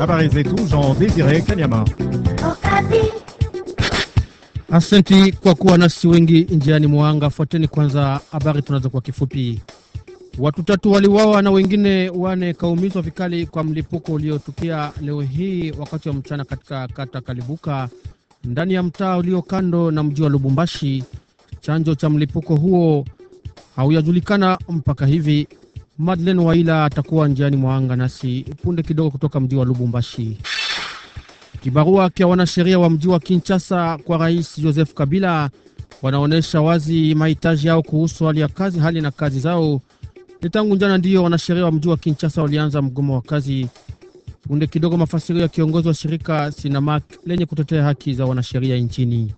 Habariz et tout, j'en désirais Kanyama. Asante kwa kuwa nasi wengi njiani mwanga. Fuateni kwanza habari tunazo kwa kifupi. Watu tatu waliwawa na wengine wane kaumizwa vikali kwa mlipuko uliotukia leo hii wakati wa mchana katika kata Kalibuka ndani ya mtaa ulio kando na mji wa Lubumbashi. Chanjo cha mlipuko huo haujajulikana mpaka hivi. Madlen Waila atakuwa njiani mwanga nasi punde kidogo kutoka mji wa Lubumbashi. Kibarua kya wanasheria wa mji wa Kinshasa kwa Rais Joseph Kabila wanaonyesha wazi mahitaji yao kuhusu hali ya kazi, hali na kazi zao. Ni tangu njana ndiyo wanasheria wa mji wa Kinshasa walianza mgomo wa kazi. Punde kidogo mafasirio ya kiongozi wa shirika Sinamak lenye kutetea haki za wanasheria nchini.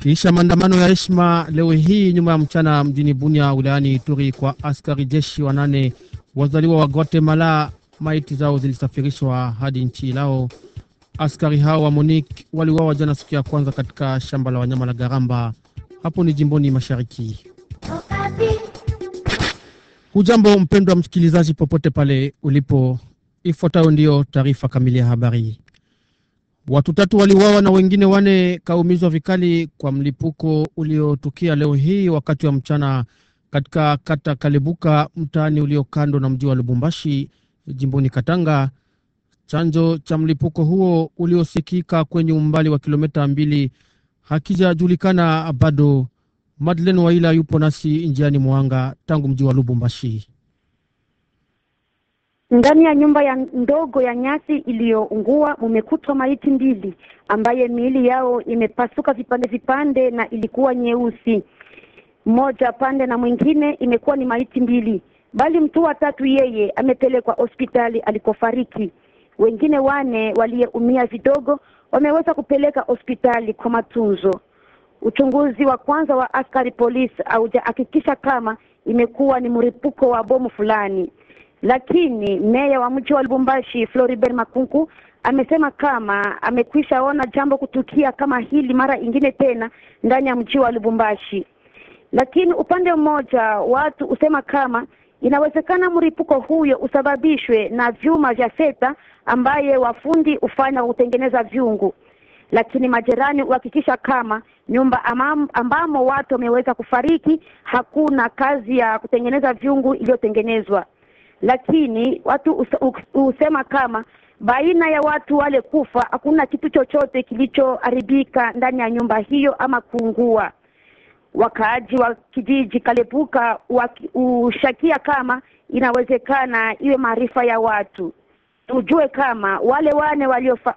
Kisha maandamano ya heshima leo hii nyuma ya mchana mjini Bunia wilayani Ituri kwa askari jeshi wanane wazaliwa wa Guatemala, maiti zao zilisafirishwa hadi nchi lao. Askari hao wa MONUC waliuawa jana siku ya kwanza katika shamba la wanyama la Garamba, hapo ni jimboni mashariki. Hujambo mpendwa msikilizaji, popote pale ulipo, ifuatayo ndiyo taarifa kamili ya habari. Watu tatu waliuawa na wengine wane kaumizwa vikali kwa mlipuko uliotukia leo hii wakati wa mchana katika kata Kalebuka, mtaani ulio kando na mji wa Lubumbashi, jimboni Katanga. Chanzo cha mlipuko huo uliosikika kwenye umbali wa kilomita mbili hakijajulikana bado. Madeleine Waila yupo nasi njiani Mwanga tangu mji wa Lubumbashi. Ndani ya nyumba ya ndogo ya nyasi iliyoungua mumekutwa maiti mbili ambaye miili yao imepasuka vipande vipande na ilikuwa nyeusi, mmoja pande na mwingine imekuwa ni maiti mbili, bali mtu wa tatu yeye amepelekwa hospitali alikofariki. Wengine wane waliyeumia vidogo wameweza kupeleka hospitali kwa matunzo. Uchunguzi wa kwanza wa askari polisi haujahakikisha kama imekuwa ni mripuko wa bomu fulani. Lakini meya wa mji wa Lubumbashi Floribert makunku amesema kama amekwisha ona jambo kutukia kama hili mara ingine tena ndani ya mji wa Lubumbashi. Lakini upande mmoja watu husema kama inawezekana mripuko huyo usababishwe na vyuma vya seta ambaye wafundi hufanya kutengeneza vyungu, lakini majirani huhakikisha kama nyumba amam, ambamo watu wameweza kufariki hakuna kazi ya kutengeneza vyungu iliyotengenezwa lakini watu husema kama baina ya watu wale kufa hakuna kitu chochote kilichoharibika ndani ya nyumba hiyo ama kuungua. Wakaaji wa kijiji Kalepuka hushakia kama inawezekana iwe maarifa ya watu. Tujue kama wale wane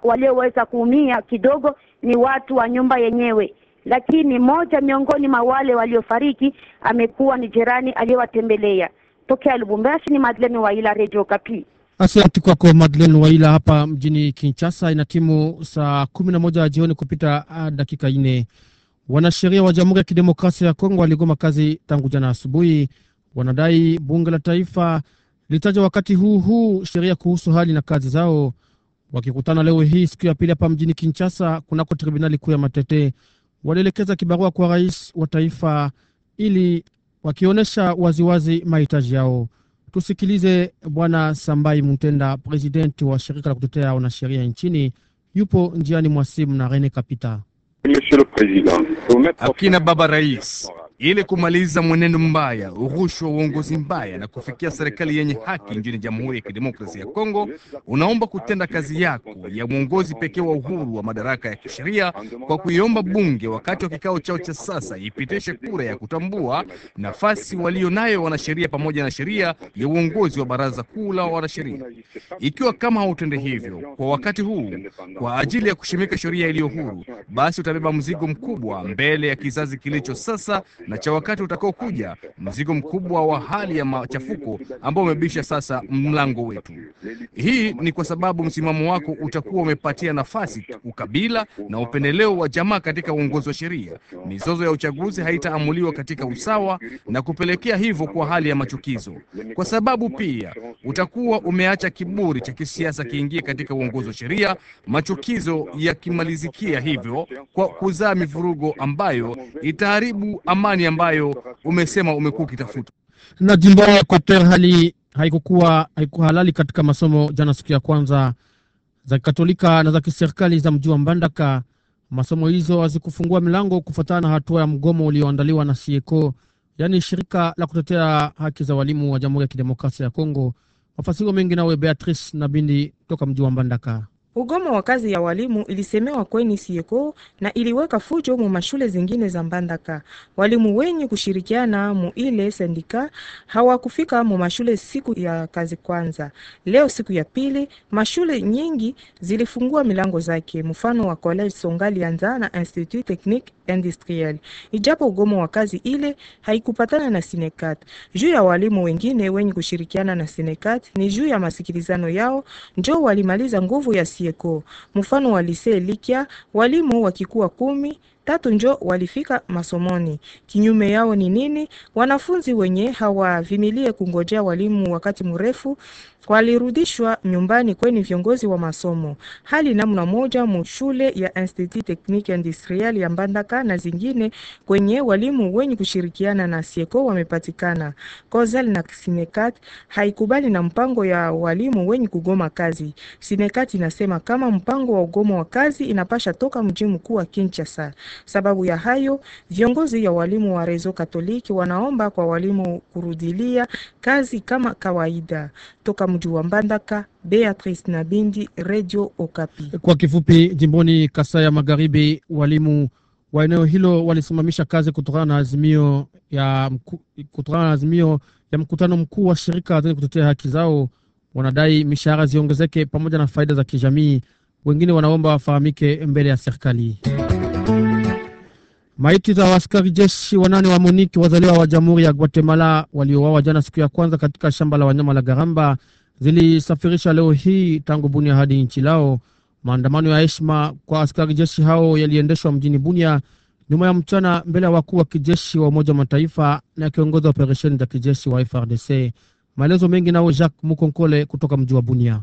walioweza kuumia kidogo ni watu wa nyumba yenyewe, lakini mmoja miongoni mwa wale waliofariki amekuwa ni jirani aliyowatembelea. Tokea Lubumbashi ni Madeleine Waila, Radio Kapi. Asante kwako Madeleine Waila hapa mjini Kinshasa. Ina timu saa kumi na moja jioni kupita ah, dakika nne. Wanasheria wa Jamhuri ya Kidemokrasia ya Kongo waligoma kazi tangu jana asubuhi. Wanadai bunge la taifa litaja wakati huu huu sheria kuhusu hali na kazi zao. Wakikutana leo hii siku ya pili hapa mjini Kinshasa kunako tribunali kuu ya Matete, walielekeza kibarua kwa rais wa taifa ili wakionyesha waziwazi mahitaji yao. Tusikilize Bwana Sambai Mutenda, presidenti wa shirika la kutetea wanasheria nchini, yupo njiani mwa simu na Rene Kapita. Akina baba rais, ili kumaliza mwenendo mbaya, urushwa wa uongozi mbaya na kufikia serikali yenye haki nchini Jamhuri ya Kidemokrasia ya Kongo, unaomba kutenda kazi yako ya mwongozi pekee wa uhuru wa madaraka ya kisheria kwa kuiomba bunge wakati wa kikao chao cha sasa ipitishe kura ya kutambua nafasi nayo wanasheria pamoja na sheria ya uongozi wa baraza kuu la wanasheria. Ikiwa kama hautende hivyo kwa wakati huu kwa ajili ya kushimika sheria iliyo huru, basi utabeba mzigo mkubwa mbele ya kizazi kilicho sasa na cha wakati utakaokuja, mzigo mkubwa wa hali ya machafuko ambao umebisha sasa mlango wetu. Hii ni kwa sababu msimamo wako utakuwa umepatia nafasi ukabila na upendeleo wa jamaa katika uongozi wa sheria. Mizozo ya uchaguzi haitaamuliwa katika usawa na kupelekea hivyo kwa hali ya machukizo, kwa sababu pia utakuwa umeacha kiburi cha kisiasa kiingie katika uongozi wa sheria, machukizo yakimalizikia hivyo kwa kuzaa mivurugo ambayo itaharibu amani amani ambayo umesema umekuwa ukitafuta. Na jimbo ya Koper hali haikukuwa haikuwa halali katika masomo jana, siku ya kwanza za kikatolika na za kiserikali za mji wa Mbandaka. Masomo hizo hazikufungua milango kufuatana na hatua ya mgomo ulioandaliwa na Sieko, yaani shirika la kutetea haki za walimu wa Jamhuri ya Kidemokrasia ya Kongo. Mafasiro mengi nawe Beatrice na Bindi kutoka mji wa Mbandaka. Ugomo wa kazi ya walimu ilisemewa kweni sieko na iliweka fujo mu mashule zingine za Mbandaka. Walimu wenye kushirikiana mu ile sendika hawakufika mu mashule siku ya kazi kwanza. Leo siku ya pili, mashule nyingi zilifungua milango zake, mfano wa College Songali Anza na Institut Technique industriel. Ijapo ugomo wa kazi ile haikupatana na Sinekat. Juu ya walimu wengine wenye kushirikiana na Sinekat ni juu ya masikilizano yao njo walimaliza nguvu ya Sieko. Mfano wa lise Likia, walimu wakikuwa kumi tatu njo walifika masomoni. Kinyume yao ni nini? Wanafunzi wenye hawavimilie kungojea walimu wakati mrefu walirudishwa nyumbani kweni viongozi wa masomo. Hali namna moja mshule ya Institut Technique Industriel ya Mbandaka na zingine kwenye walimu wenye kushirikiana na Sieko wamepatikana. Kozel na Sinekat haikubali na mpango ya walimu wenye kugoma kazi. Sinekat inasema kama mpango wa ugomo wa kazi inapasha toka mji mkuu wa Kinshasa. Sababu ya hayo, viongozi ya walimu wa Rezo Katoliki wanaomba kwa walimu kurudilia kazi kama kawaida. Toka mji wa Mbandaka, Beatrice Nabindi, Radio Okapi. Kwa kifupi, jimboni Kasai ya Magharibi, walimu wa eneo hilo walisimamisha kazi kutokana na azimio ya, mku, kutokana na azimio ya mkutano mkuu wa shirika zenye kutetea haki zao. Wanadai mishahara ziongezeke pamoja na faida za kijamii. Wengine wanaomba wafahamike mbele ya serikali. Maiti za waskari jeshi wanane wa Moniki wazaliwa wa Jamhuri ya Guatemala waliouawa jana siku ya kwanza katika shamba la wanyama la Garamba zilisafirisha leo hii tangu Bunia hadi nchi lao. Maandamano ya heshima kwa askari jeshi hao yaliendeshwa mjini Bunia nyuma ya mchana mbele ya wakuu wa kijeshi wa Umoja wa Mataifa na kiongozi wa operesheni za kijeshi wa FRDC. Maelezo mengi nao Jacques Mukonkole kutoka mji wa Bunia.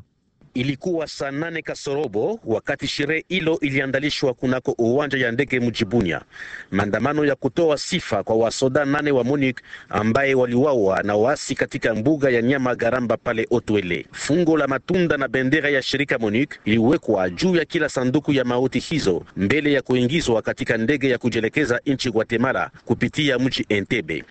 Ilikuwa saa nane kasorobo wakati sherehe hilo iliandalishwa kunako uwanja ya ndege mjibunya maandamano ya kutoa sifa kwa wasoda nane wa MONUC ambaye waliwawa na waasi katika mbuga ya nyama Garamba pale Otwele. Fungo la matunda na bendera ya shirika MONUC iliwekwa juu ya kila sanduku ya mauti hizo mbele ya kuingizwa katika ndege ya kujelekeza nchi Guatemala kupitia mji entebe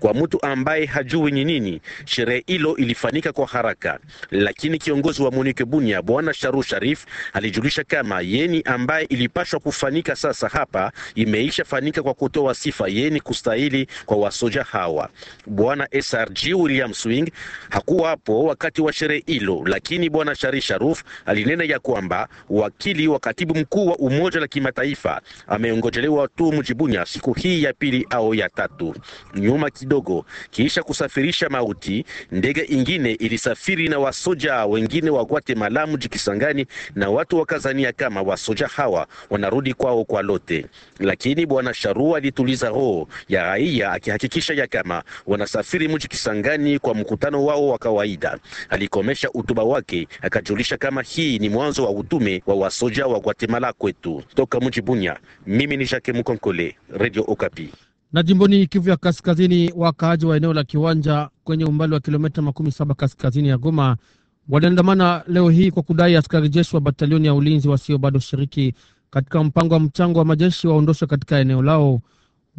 Kwa mtu ambaye hajui ni nini, sherehe hilo ilifanyika kwa haraka, lakini kiongozi wa MONUC Bunia, Bwana Sharu Sharif alijulisha kama yeni ambaye ilipashwa kufanyika sasa hapa imeisha fanika kwa kutoa sifa yeni kustahili kwa wasoja hawa. Bwana SRG William Swing hakuwa hapo wakati wa sherehe hilo, lakini Bwana Shari Sharuf alinena ya kwamba wakili wa katibu mkuu wa Umoja la Kimataifa ameongojelewa tu mjibunya siku hii ya pili au ya tatu. Nyuma kidogo, kisha kusafirisha mauti, ndege ingine ilisafiri na wasoja wengine wa Guatemala Malamu, Jikisangani, na watu wakazania kama wasoja hawa wanarudi kwao kwa lote, lakini bwana Sharua alituliza roho ya raia akihakikisha ya kama wanasafiri mji Kisangani kwa mkutano wao wa kawaida. Alikomesha utuba wake akajulisha kama hii ni mwanzo wa utume wa wasoja wa Guatemala kwetu. Toka mji Bunya, mimi ni Jacques Mukonkole, Radio Okapi. Na jimboni Kivu ya Kaskazini, wakaaji wa eneo la Kiwanja kwenye umbali wa kilomita makumi saba kaskazini ya Goma waliandamana leo hii kwa kudai askari jeshi wa batalioni ya ulinzi wasio bado shiriki katika mpango wa mchango wa majeshi waondoshwe katika eneo lao.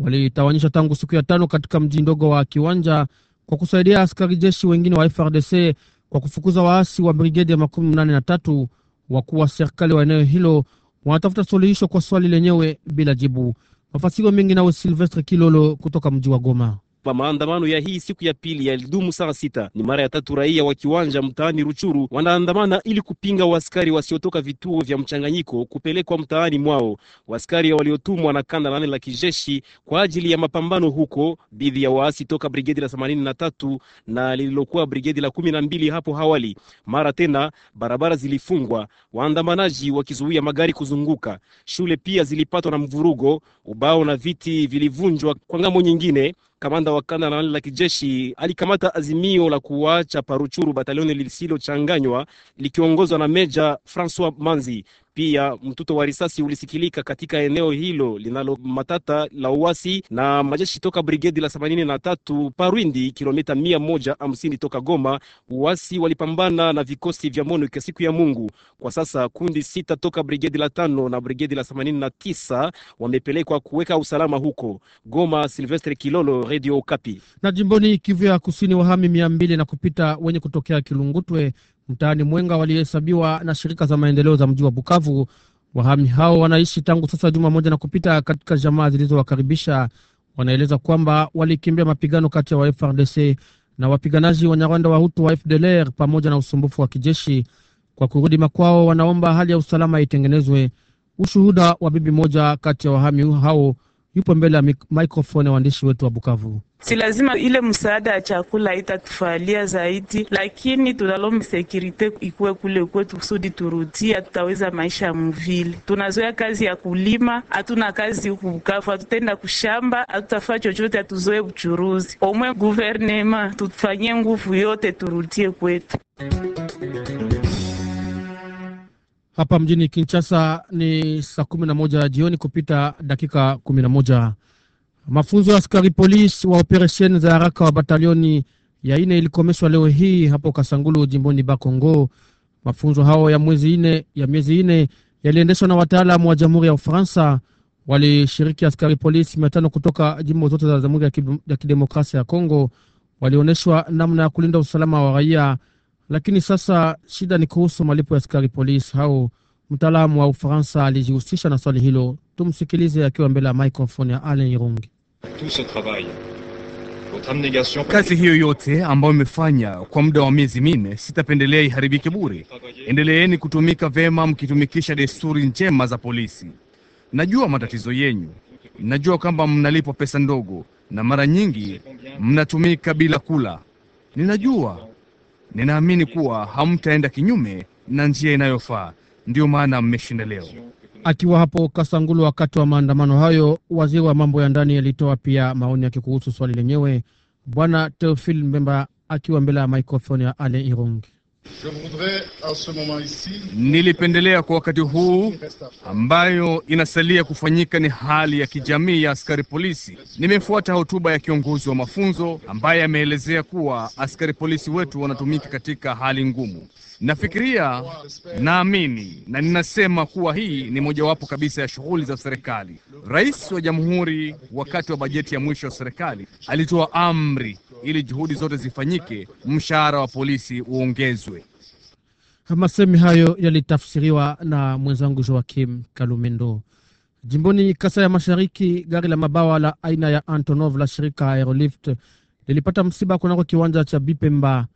Walitawanyisha tangu siku ya tano katika mji ndogo wa Kiwanja kwa kusaidia askari jeshi wengine wa FRDC kwa kufukuza waasi wa brigedi ya makumi mnane na tatu. Wakuu wa serikali wa eneo hilo wanatafuta suluhisho kwa swali lenyewe bila jibu. Mafasiro mengi nawe Silvestre Kilolo kutoka mji wa Goma. Maandamano ya hii siku ya pili yalidumu saa sita. Ni mara ya tatu raia wa kiwanja mtaani Ruchuru wanaandamana ili kupinga waskari wasiotoka vituo vya mchanganyiko kupelekwa mtaani mwao, waskari waliotumwa na kanda nane la kijeshi kwa ajili ya mapambano huko dhidi ya waasi toka brigedi la themanini na tatu na lililokuwa brigedi la kumi na mbili hapo awali. Mara tena barabara zilifungwa, waandamanaji wakizuia magari kuzunguka. Shule pia zilipatwa na mvurugo, ubao na viti vilivunjwa kwa ngamo nyingine Kamanda wa kanda la la kijeshi alikamata azimio la kuacha Paruchuru batalioni lisilochanganywa likiongozwa na Meja Francois Manzi. Pia mtuto wa risasi ulisikilika katika eneo hilo linalo matata la uasi na majeshi toka brigedi la 83 Parwindi, kilomita 150 toka Goma. Uasi walipambana na vikosi vya MONUC siku ya Mungu. Kwa sasa kundi sita toka brigedi la tano na brigedi la 89 wamepelekwa kuweka usalama huko Goma. Silvestre Kilolo, Radio Okapi. Na jimboni Kivu ya Kusini, wahami mia mbili na kupita wenye kutokea Kilungutwe mtaani Mwenga walihesabiwa na shirika za maendeleo za mji wa Bukavu. Wahami hao wanaishi tangu sasa juma moja na kupita katika jamaa zilizowakaribisha. Wanaeleza kwamba walikimbia mapigano kati ya wa FRDC na wapiganaji wa nyarwanda wa Hutu wa FDLR pamoja na usumbufu wa kijeshi. Kwa kurudi makwao, wanaomba hali ya usalama itengenezwe. Ushuhuda wa bibi moja kati ya wahami hao yupo mbele ya microphone ya waandishi wetu wa Bukavu. Si lazima ile msaada ya chakula itatufalia zaidi, lakini tunalomba sekirite ikuwe kule kwetu kusudi turudia tutaweza maisha ya mvili. Tunazoea kazi ya kulima, hatuna kazi huku Bukavu, hatutenda kushamba, hatutafaa chochote, hatuzoe uchuruzi. Omwe guvernema tutufanyie nguvu yote turudie kwetu. Hapa mjini Kinshasa ni saa kumi na moja jioni kupita dakika kumi na moja. Mafunzo ya askari polisi wa operesheni za haraka wa batalioni ya ine ilikomeshwa leo hii hapo Kasangulu jimboni Bakongo. Mafunzo hao ya mwezi ine, ya miezi ine yaliendeshwa na wataalamu wa Jamhuri ya Ufaransa. Walishiriki askari polisi mia tano kutoka jimbo zote za Jamhuri ya Kidemokrasia ya Kongo. Walionyeshwa namna ya kulinda usalama wa raia lakini sasa shida ni kuhusu malipo ya askari polisi hao. Mtaalamu wa Ufaransa alijihusisha na swali hilo. Tumsikilize akiwa mbele ya microphone ya Alain Irungi. Kazi hiyo yote ambayo imefanya kwa muda wa miezi minne, sitapendelea iharibike bure. Endeleeni kutumika vema, mkitumikisha desturi njema za polisi. Najua matatizo yenyu, najua kwamba mnalipwa pesa ndogo na mara nyingi mnatumika bila kula. Ninajua Ninaamini kuwa hamtaenda kinyume na njia inayofaa, ndiyo maana mmeshinda leo. Akiwa hapo Kasangulu wakati wa maandamano hayo, waziri wa mambo ya ndani alitoa pia maoni yake kuhusu swali lenyewe. Bwana Teofil Mbemba akiwa mbele ya maikrofoni ya Ale Irungi. Nilipendelea kwa wakati huu ambayo inasalia kufanyika ni hali ya kijamii ya askari polisi. Nimefuata hotuba ya kiongozi wa mafunzo ambaye ameelezea kuwa askari polisi wetu wanatumika katika hali ngumu. Nafikiria, naamini na ninasema kuwa hii ni mojawapo kabisa ya shughuli za serikali. Rais wa Jamhuri wakati wa bajeti ya mwisho wa serikali alitoa amri ili juhudi zote zifanyike, mshahara wa polisi uongezwe. Masemi hayo yalitafsiriwa na mwenzangu Joakim Kalumendo. Jimboni Kasa ya Mashariki, gari la mabawa la aina ya Antonov la shirika Aerolift lilipata msiba kunako kiwanja cha Bipemba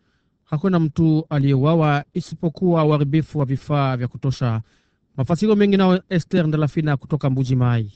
hakuna mtu aliyeuawa isipokuwa uharibifu wa vifaa vya kutosha. Mafasirio mengi nao Esther Ndalafina kutoka Mbuji Mai.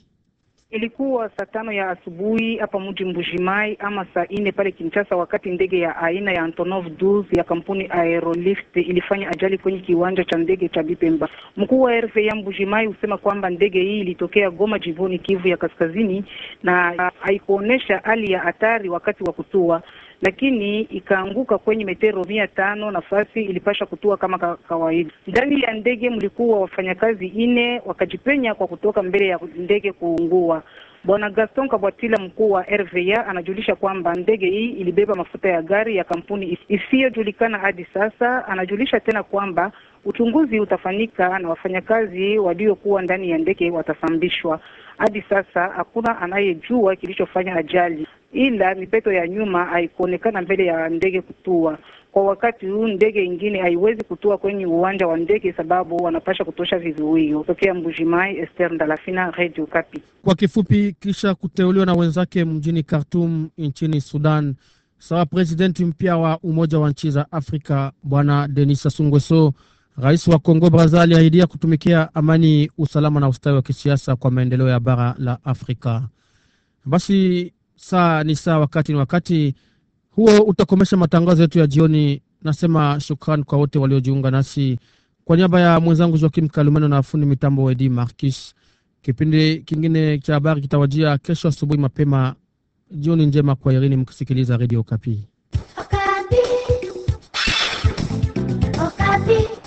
Ilikuwa saa tano ya asubuhi hapa mji Mbujimai ama saa nne pale Kinshasa, wakati ndege ya aina ya Antonov 12 ya kampuni Aerolift ilifanya ajali kwenye kiwanja cha ndege cha Bipemba. Mkuu wa ya Mbujimai husema kwamba ndege hii ilitokea Goma, jivoni Kivu ya Kaskazini, na haikuonyesha hali ya hatari wakati wa kutua lakini ikaanguka kwenye metero mia tano. Nafasi ilipasha kutua kama kawaida. Ndani ya ndege mlikuwa wafanyakazi ine wakajipenya kwa kutoka mbele ya ndege kuungua. Bwana Gaston Kabwatila, mkuu wa RVA, anajulisha kwamba ndege hii ilibeba mafuta ya gari ya kampuni isiyojulikana hadi sasa. Anajulisha tena kwamba uchunguzi utafanyika na wafanyakazi waliokuwa ndani ya ndege watasambishwa. Hadi sasa hakuna anayejua kilichofanya ajali ila mipeto ya nyuma haikuonekana mbele ya ndege kutua. Kwa wakati huu ndege ingine haiwezi kutua kwenye uwanja wa ndege sababu wanapasha kutosha vizuio. Tokea Mbujimai, Esther Ndalafina, Radio Kapi. Kwa kifupi, kisha kuteuliwa na wenzake mjini Khartoum nchini Sudan sawa presidenti mpya wa Umoja wa Nchi za Afrika Bwana Denis Sassou Nguesso, rais wa Kongo Brazza aliahidia kutumikia amani, usalama na ustawi wa kisiasa kwa maendeleo ya bara la Afrika. Basi saa ni saa, wakati ni wakati. Huo utakomesha matangazo yetu ya jioni. Nasema shukran kwa wote waliojiunga nasi, kwa niaba ya mwenzangu Joakim Kalumeno na fundi mitambo Edi Markis. Kipindi kingine cha habari kitawajia kesho asubuhi mapema. Jioni njema kwa Irini, mkisikiliza redio Okapi. Okapi. Okapi.